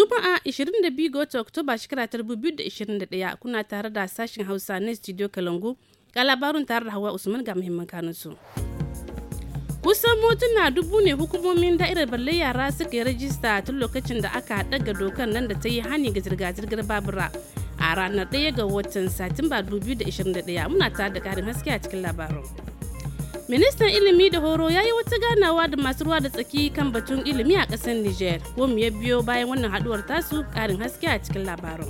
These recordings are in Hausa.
Juma'a 22 ga Oktoba shekara ta 2021 kuna tare da sashen Hausa na Studio Kalangu ga labarin tare da Hawa Usman ga muhimman kanunsu. Kusan motuna dubu ne hukumomin da'irar balle yara suka yi rajista tun lokacin da aka daga dokar nan da ta yi hani ga zirga-zirgar babura a ranar 1 ga watan Satumba 2021 muna tare da karin haske a cikin labarin. ministan ilimi da horo ya yi wata ganawa da masu ruwa da tsaki kan batun ilimi a ƙasar niger wom ya biyo bayan wannan haduwar tasu karin haske a cikin labarin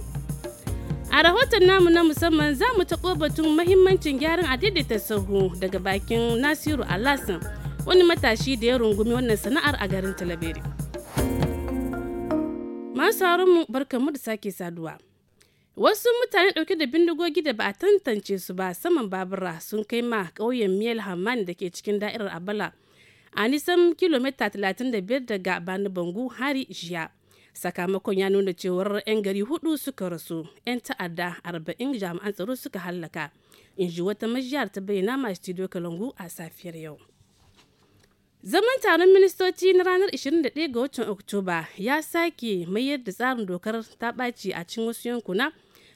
a rahoton namu na musamman za mu taɓo batun mahimmancin gyaran adaidaita sahu daga bakin nasiru alasan wani matashi da ya rungumi wannan sana'ar a garin talabere masu mu barkanmu da sake saduwa wasu mutane dauke da bindigogi da ba a tantance su ba saman babura sun kai ma ƙauyen miel hamman da ke cikin da'irar abala a nisan kilomita 35 daga bani bangu hari jiya sakamakon ya nuna cewar 'yan gari hudu suka rasu 'yan ta'adda 40 jami'an tsaro suka hallaka in ji wata majiyar ta bayyana masu studio kalangu a safiyar yau zaman taron ministoci na ranar 21 ga watan oktoba ya sake mayar da tsarin dokar ta ɓaci a cikin wasu yankuna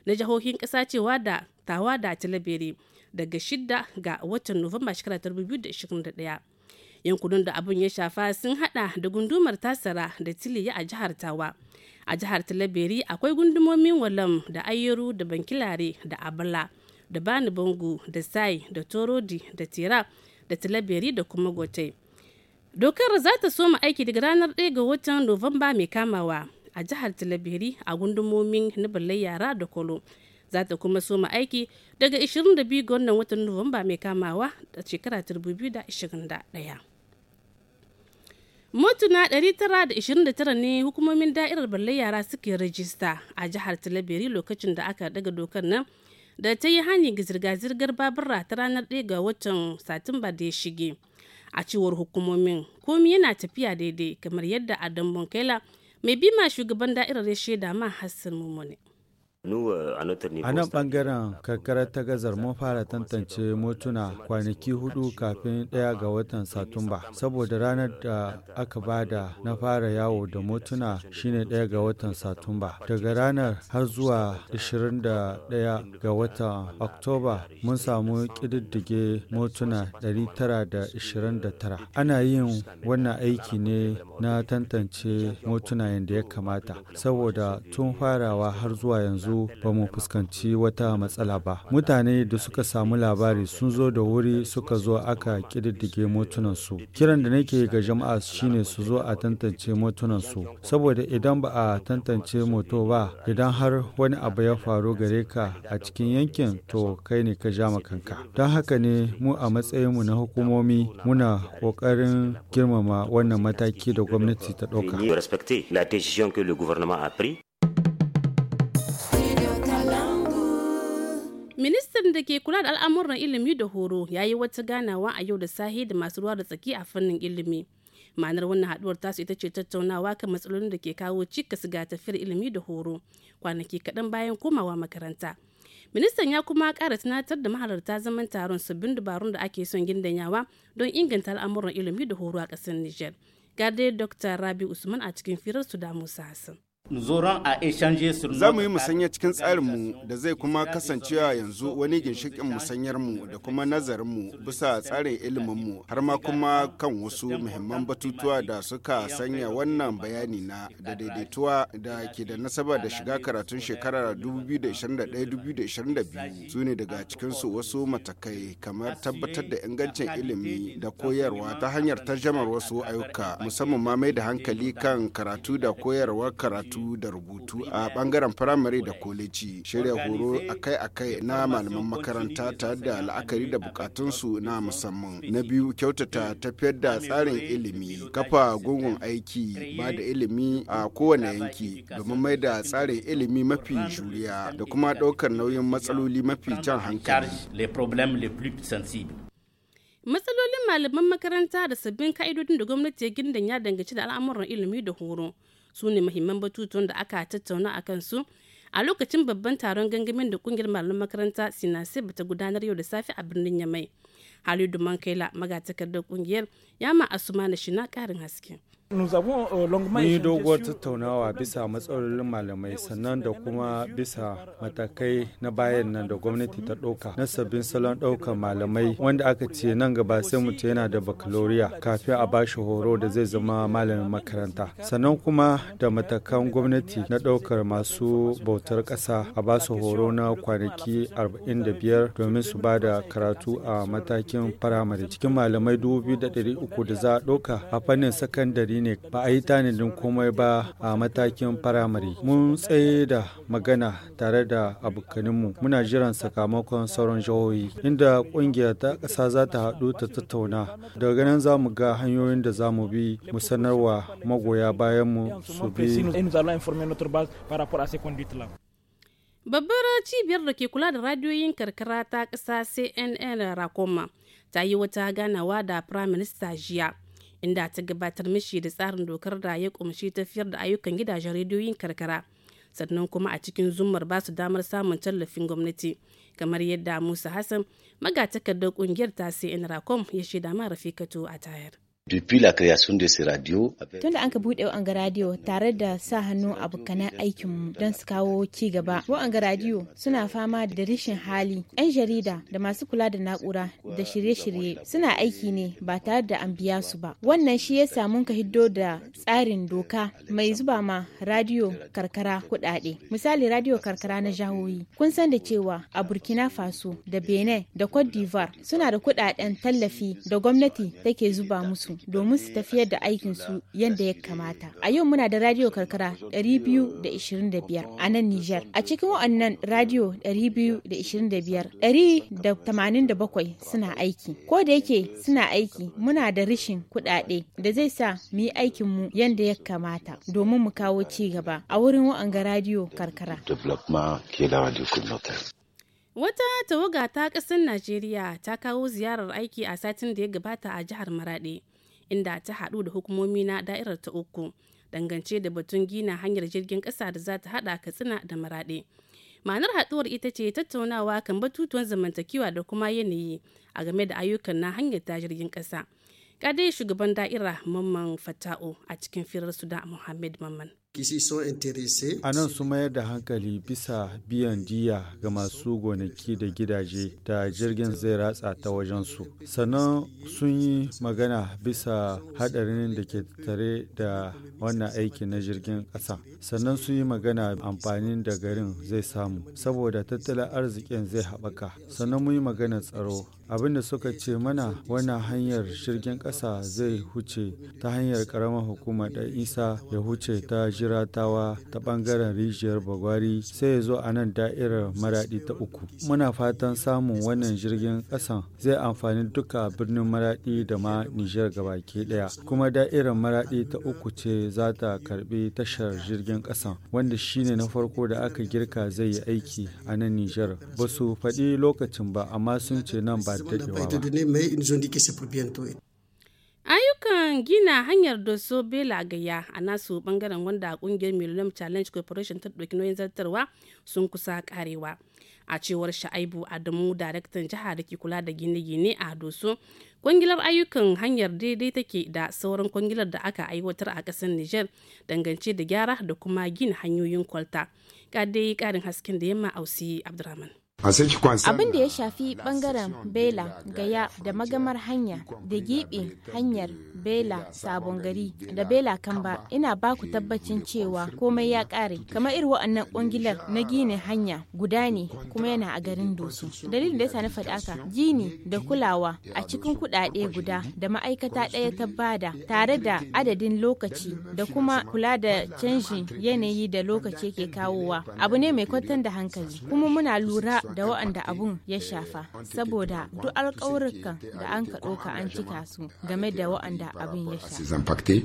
na jihohin ƙasa cewa da tawa da talabere daga shidda ga watan Nuwamba shekarar 2021. Yankunan da abun ya shafa sun hada da gundumar tasara da tiliya a jihar Tawa. A jihar Talabere akwai gundumomin Walam da ayyaru da Bankilare da Abala da Bani Bango da Sai da Torodi da Tira da Talabere da kuma Gotai. Dokar za ta soma aiki daga ranar 1 ga watan Nuwamba mai kamawa. a jihar talabiri a gundumomin Nibalai yara da kolo za ta kuma soma aiki daga 22 ga watan nuwamba mai kamawa da shekara 2021 motuna 929 ne hukumomin da'irar balle yara suke rajista a jihar talabiri lokacin da aka daga dokar nan da ta yi hani ga zirga-zirgar babura ta ranar 1 ga watan satumba da ya shige a cewar hukumomin komi yana tafiya daidai kamar yadda adam Bonkela mai ma shugaban da'irar ya shaida ma hassan mummune Uh, a nan ɓangaren karkarar ta gazar mun fara tantance motuna kwanaki hudu kafin ɗaya ga watan Satumba, saboda ranar da aka bada na fara yawo da motuna shine ɗaya ga watan Satumba. Daga ranar har zuwa 21 ga watan Oktoba mun samu ƙididdige motuna 929. Ana yin wannan aiki ne na tantance motuna yadda ya kamata, saboda tun farawa har zuwa yanzu yanzu ba mu fuskanci wata matsala ba mutane da suka samu labari sun zo da wuri suka zo aka kididdige motunansu kiran da nake ga jama'a shine su zo a tantance motunansu saboda idan ba a tantance moto ba idan har wani abu ya faru gare ka a cikin yankin to kai ne ka ja kanka don haka ne mu a matsayin mu na hukumomi muna kokarin girmama wannan mataki da gwamnati ta ɗauka. ministan da ke kula da al'amuran ilimi da horo ya yi wata ganawa a yau da sahi da masu ruwa da tsaki a fannin ilimi ma'anar wannan haduwar tasu ita ce tattaunawa kan matsalolin da ke kawo cikas ga tafiyar ilimi da horo kwanaki kaɗan bayan komawa makaranta ministan ya kuma ƙara tunatar da mahalarta zaman taron sabbin dabarun da ake son gindanyawa don inganta al'amuran ilimi da horo a ƙasar niger ga dai dr rabi usman a cikin firar su da musa hassan Za mu yi musanya cikin tsarinmu da zai kuma kasancewa yanzu wani ginshikin musanyarmu da kuma nazarinmu bisa tsarin iliminmu har ma kuma kan wasu muhimman batutuwa da suka sanya wannan bayani na da daidaituwa da ke da nasaba da shiga karatun shekarar 2021-2022 su ne daga cikinsu wasu matakai kamar tabbatar da ingancin ilimi da koyarwa ta hanyar tarjamar wasu ayyuka musamman ma mai da hankali kan karatu da koyarwar karatu karatu da rubutu a bangaren firamare da koleji shirya horo akai-akai na malaman makaranta tare da la'akari da bukatunsu na musamman na biyu kyautata tafiyar da tsarin ilimi kafa gungun aiki ba da ilimi a kowane yanki domin mai da tsarin ilimi mafi juriya da kuma daukar nauyin matsaloli mafi jan hankali matsalolin malaman makaranta da sabbin ka'idodin da gwamnati ya gindan ya danganci da al'amuran ilimi da horo su ne muhimman batutuwan da aka tattauna a kansu a lokacin babban taron gangamin da kungiyar malaman makaranta sinase ta gudanar yau da safe a birnin yamai halidu mankaila magatakardar kungiyar ma asuma na shina karin haske Euh, Mun yi doguwar tattaunawa bisa matsalolin malamai sannan da kuma bisa matakai na bayan nan da gwamnati ta ɗauka na sabbin salon ɗaukar malamai wanda aka ce nan gaba sai mutum yana da bakaloriya kafin a bashi horo da zai zama malamin makaranta. Sannan kuma da matakan gwamnati na ɗaukar masu bautar ƙasa a ba su horo na kwanaki 45 domin su ba da karatu a matakin firamare cikin malamai 2,300 da za a ɗauka a fannin sakandare ne ba a yi tanadin komai ba a matakin firamare. Mun tsaye da magana tare da abokaninmu muna jiran sakamakon sauran jihohi inda kungiyar ta ƙasa za ta haɗu ta tattauna. Daga nan za mu ga hanyoyin da za mu bi mu sanarwa magoya bayanmu su bi. Babbar cibiyar da ke kula da radiyoyin karkara ta ƙasa CNN Rakoma ta yi wata ganawa da firaminista jiya. inda ta gabatar mishi da tsarin dokar da ya kumshi tafiyar da ayyukan gidajen rediyoyin karkara sannan kuma a cikin zumar ba su damar samun tallafin gwamnati kamar yadda musa hassan magatakardar kungiyar ta sai rakom ya shaida ma rafikatu a tayar Tun da an ka buɗe wa'anga radio tare da sa hannu hannun abokanan aikinmu don su kawo ci gaba. Wa'anga radio suna fama da rashin hali. 'Yan jarida da masu kula da na'ura da shirye-shirye suna aiki ne ba tare da an biya su ba. Wannan shi yasa mun ka hiddo da tsarin doka mai zuba ma radio karkara kuɗaɗe. Misali radio karkara na jahohi. Kun san da cewa a Burkina Faso da Benin da Cote d'Ivoire suna da kuɗaɗen tallafi da gwamnati take zuba musu. su domin su tafiyar da aikinsu yadda ya kamata. A yau muna da radio karkara 225 a nan Nijar. A cikin wa'annan radio 225 187 suna aiki. Ko da yake suna aiki muna da rishin kuɗaɗe da zai sa mu yi aikin mu yadda ya kamata domin mu kawo ci gaba a wurin wa'anga radio karkara. Wata tawaga ta ƙasar Najeriya ta kawo ziyarar aiki a satin da ya gabata a jihar Maraɗe. inda ta haɗu da hukumomi na da'irar ta uku dangance da batun gina hanyar jirgin ƙasa da za ta haɗa katsina da maraɗe ma'anar haɗuwar ita ce tattaunawa kan batutuwan zamantakewa da kuma yanayi a game da ayyukan na hanyar ta jirgin ƙasa kadai shugaban da'ira mamman fata'o a cikin firar su da muhammad mamman A nan su mayar da hankali bisa biyan diya ga masu gonaki da gidaje da jirgin zai ratsa ta wajensu. Sannan sun yi magana bisa haɗarin da ke tare da wannan aiki na jirgin ƙasa. Sannan sun yi magana amfanin da garin zai samu saboda tattalin arzikin zai haɓaka. Sannan mun yi magana tsaro. Abin da suka ce mana wannan hanyar jirgin ƙasa zai huce ta hanyar ƙaramar hukumar ɗan isa ya huce ta jiratawa ta bangaren rijiyar bagwari sai ya zo a nan da'irar maradi ta uku muna fatan samun wannan jirgin kasan zai amfani duka birnin maradi da ma nijar gabaki daya kuma da'irar maradi ta uku ce za ta karbi tashar jirgin kasan wanda shine na farko da aka girka zai yi aiki a nan nijar ba su faɗi lokacin ba amma sun ce nan ba daɗewa an gina hanyar doso bela gaya a nasu bangaren wanda kungiyar millennium challenge corporation ta ɗauki nauyin zartarwa sun kusa karewa a cewar sha'aibu adamu daraktan jihar da ke kula da gine-gine a doso kwangilar ayyukan hanyar daidai take da sauran kwangilar da aka aiwatar a ƙasar niger dangance da gyara da kuma gina hanyoyin kwalta kadai ƙarin hasken da yamma ausi abdurrahman abin da ya shafi bangaren bela gaya da magamar hanya da giɓe hanyar bela sabon gari da bela kamba ina baku tabbacin cewa komai ya ƙare kamar iri wa'annan ƙungilar na gine hanya guda ne kuma yana a garin dosu dalilin da ya sani faɗaka gini da kulawa a cikin kuɗaɗe guda da ma'aikata ɗaya ta bada tare da adadin lokaci da kuma kula da canjin yanayi da lokaci ke kawowa abu ne mai kwantar da hankali kuma muna lura da waɗanda abun ya shafa saboda duk alƙawurkan da an ka ɗauka an cika su game da waɗanda abun ya shafa.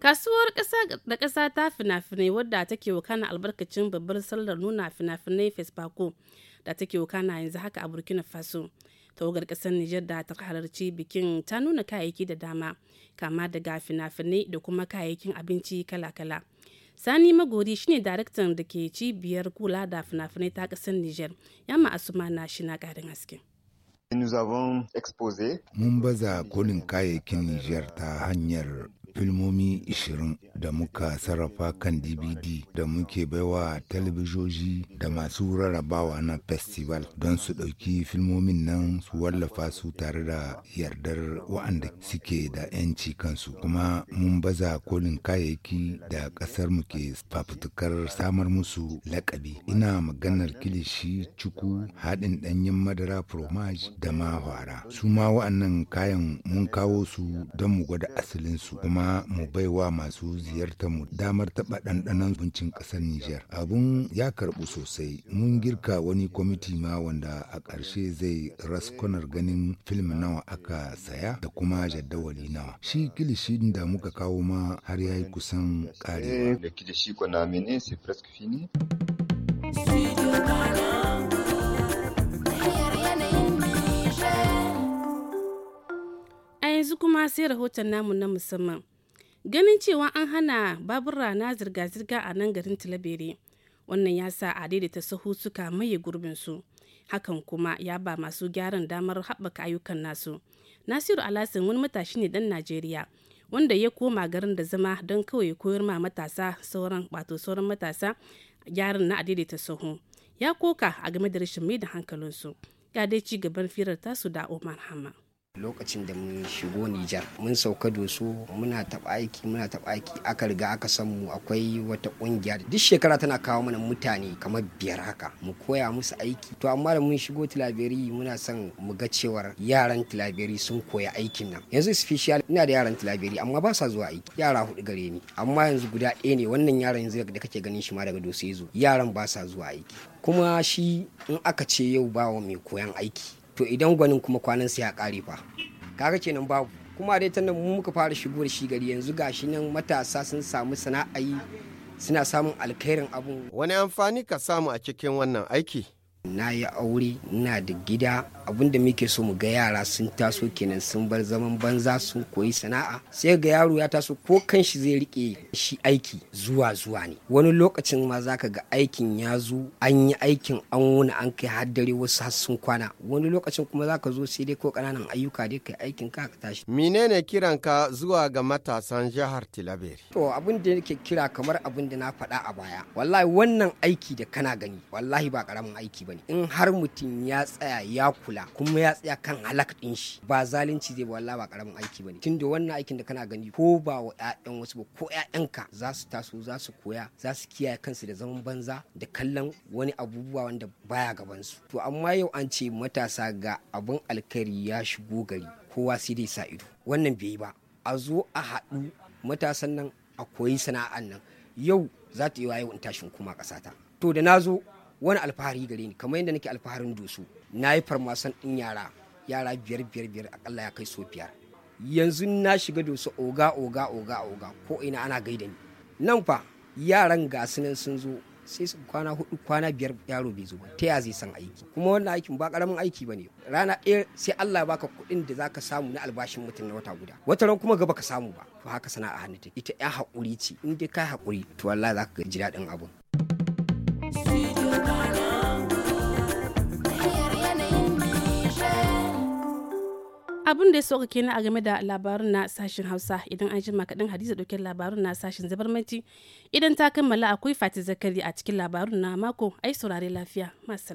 Kasuwar ƙasa da ƙasa ta fina-finai wadda take wakana albarkacin babbar sallar nuna fina-finai Fesbako da take wakana yanzu haka a Burkina Faso. Tawagar ƙasar Nijar da ta halarci bikin ta nuna kayayyaki da dama, kama daga fina-finai da kuma kayayyakin abinci kala-kala. Sani Magori shine daraktan da ke cibiyar kula da fina-finai ta ƙasar Nijar, yamma Asuma na shi na ƙarin haske. Mun baza kolin kayayyakin Nijar ta hanyar filmomi 20 da muka sarrafa kan dvd da muke baiwa talabijoji da masu rarrabawa na festival don su ɗauki filmomin nan su wallafa su tare da yardar wa'anda suke da 'yanci kansu kuma mun baza kolin kayayyaki da ƙasar mu ke fafutukar samar musu lakabi ina maganar kilishi cuku haɗin ɗanyen madara fromage da mahwara su ma wa'annan kayan mun kawo su don mu gwada asalinsu kuma kuma mu baiwa masu ziyartar mu damar taɓa ɗanɗanon bincin ƙasar Nijar. Abun ya karɓu sosai. Mun girka wani kwamiti ma wanda a ƙarshe zai raskonar ganin film nawa aka saya da kuma jadawali nawa. Shi kilishin da muka kawo ma har ya yi kusan ƙarewa. a yanzu kuma sai rahoton namu na musamman ganin cewa an hana babura na zirga-zirga a nan garin tilabere wannan ya sa a daidaita sahu suka maye gurbinsu hakan kuma ya ba masu gyaran damar haɓaka ayyukan nasu nasiru alasin wani matashi ne dan najeriya wanda ya koma garin da zama don kawai koyar ma matasa sauran wato sauran matasa gyaran na a daidaita sahu ya koka a game da rashin mai da hankalinsu ya dai ci gaban firar tasu da omar hama lokacin da mun shigo Nijar mun sauka doso muna taɓa aiki muna taɓa aiki aka riga aka san mu akwai wata ƙungiya duk shekara tana kawo mana mutane kamar biyar haka mu koya musu aiki to amma da mun shigo tilaberi muna son mu ga cewar yaran tilaberi sun koya aikin nan yanzu special ina da yaran tilaberi amma ba sa zuwa aiki yara hudu gare ni amma yanzu guda ɗaya ne wannan yaran yanzu da kake ganin shi ma daga doso yaran ba sa zuwa aiki kuma shi in aka ce yau bawa mai koyan aiki to idan gwanin kuma kwanan sa ya kare fa kaga kenan babu kuma dai tannan mu muka fara shigo da shi gari yanzu gashi nan matasa sun samu sana'a suna samun alkhairin abun wani amfani ka samu a cikin wannan aiki na yi aure na da gida abinda muke so mu ga yara sun taso kenan sun bar zaman banza sun koyi sana'a sai ga yaro ya taso ko kan shi zai rike shi aiki zuwa zuwa ne wani lokacin ma zaka ga aikin ya zo an yi aikin an wuni an kai har dare wasu sun kwana wani lokacin kuma zaka zo sai dai ko kananan ayyuka dai kai aikin ka ka tashi menene kiranka zuwa ga matasan jihar Tilaberi to abin da nake kira kamar abin da na faɗa a baya wallahi wannan aiki da kana gani wallahi ba karamin aiki bane in har mutum ya tsaya ya kula kuma ya tsaya kan halak din shi ba zalunci zai ba wallahi ba karamin aiki bane tunda wannan aikin da kana gani ko ba wa ƴaƴan wasu ba ko ƴaƴanka za su taso za su koya za su kiyaye kansu da zaman banza da kallon wani abubuwa wanda baya gaban su to amma yau an ce matasa ga abin alkari ya shigo gari kowa sai dai sa ido wannan bai yi ba a zo a haɗu matasan nan a koyi sana'an nan yau za ta yi wa in tashin kuma ƙasata to da na zo wani alfahari gare ni kamar yadda nake alfaharin dusu na yi farmasan ɗin yara yara biyar biyar biyar akalla ya kai so biyar yanzu na shiga dusu oga oga oga oga ko ina ana gaida ni nan fa yaran gasu nan sun zo sai su kwana hudu kwana biyar yaro bai zo ba ta ya zai san aiki kuma wannan aikin ba karamin aiki bane rana ɗaya sai Allah baka kuɗin da zaka samu na albashin mutum na wata guda wata ran kuma gaba ka samu ba to haka sana'a hannu ta ita ya haƙuri ce in dai ka haƙuri to wallahi zaka ji daɗin abun. abin da ya sauka kenan a game da labarun na sashen hausa idan an jima kaɗan hadiza ɗauke labarun na sashen mati idan ta kammala akwai fati zakari a cikin labarun na mako ai saurare lafiya masu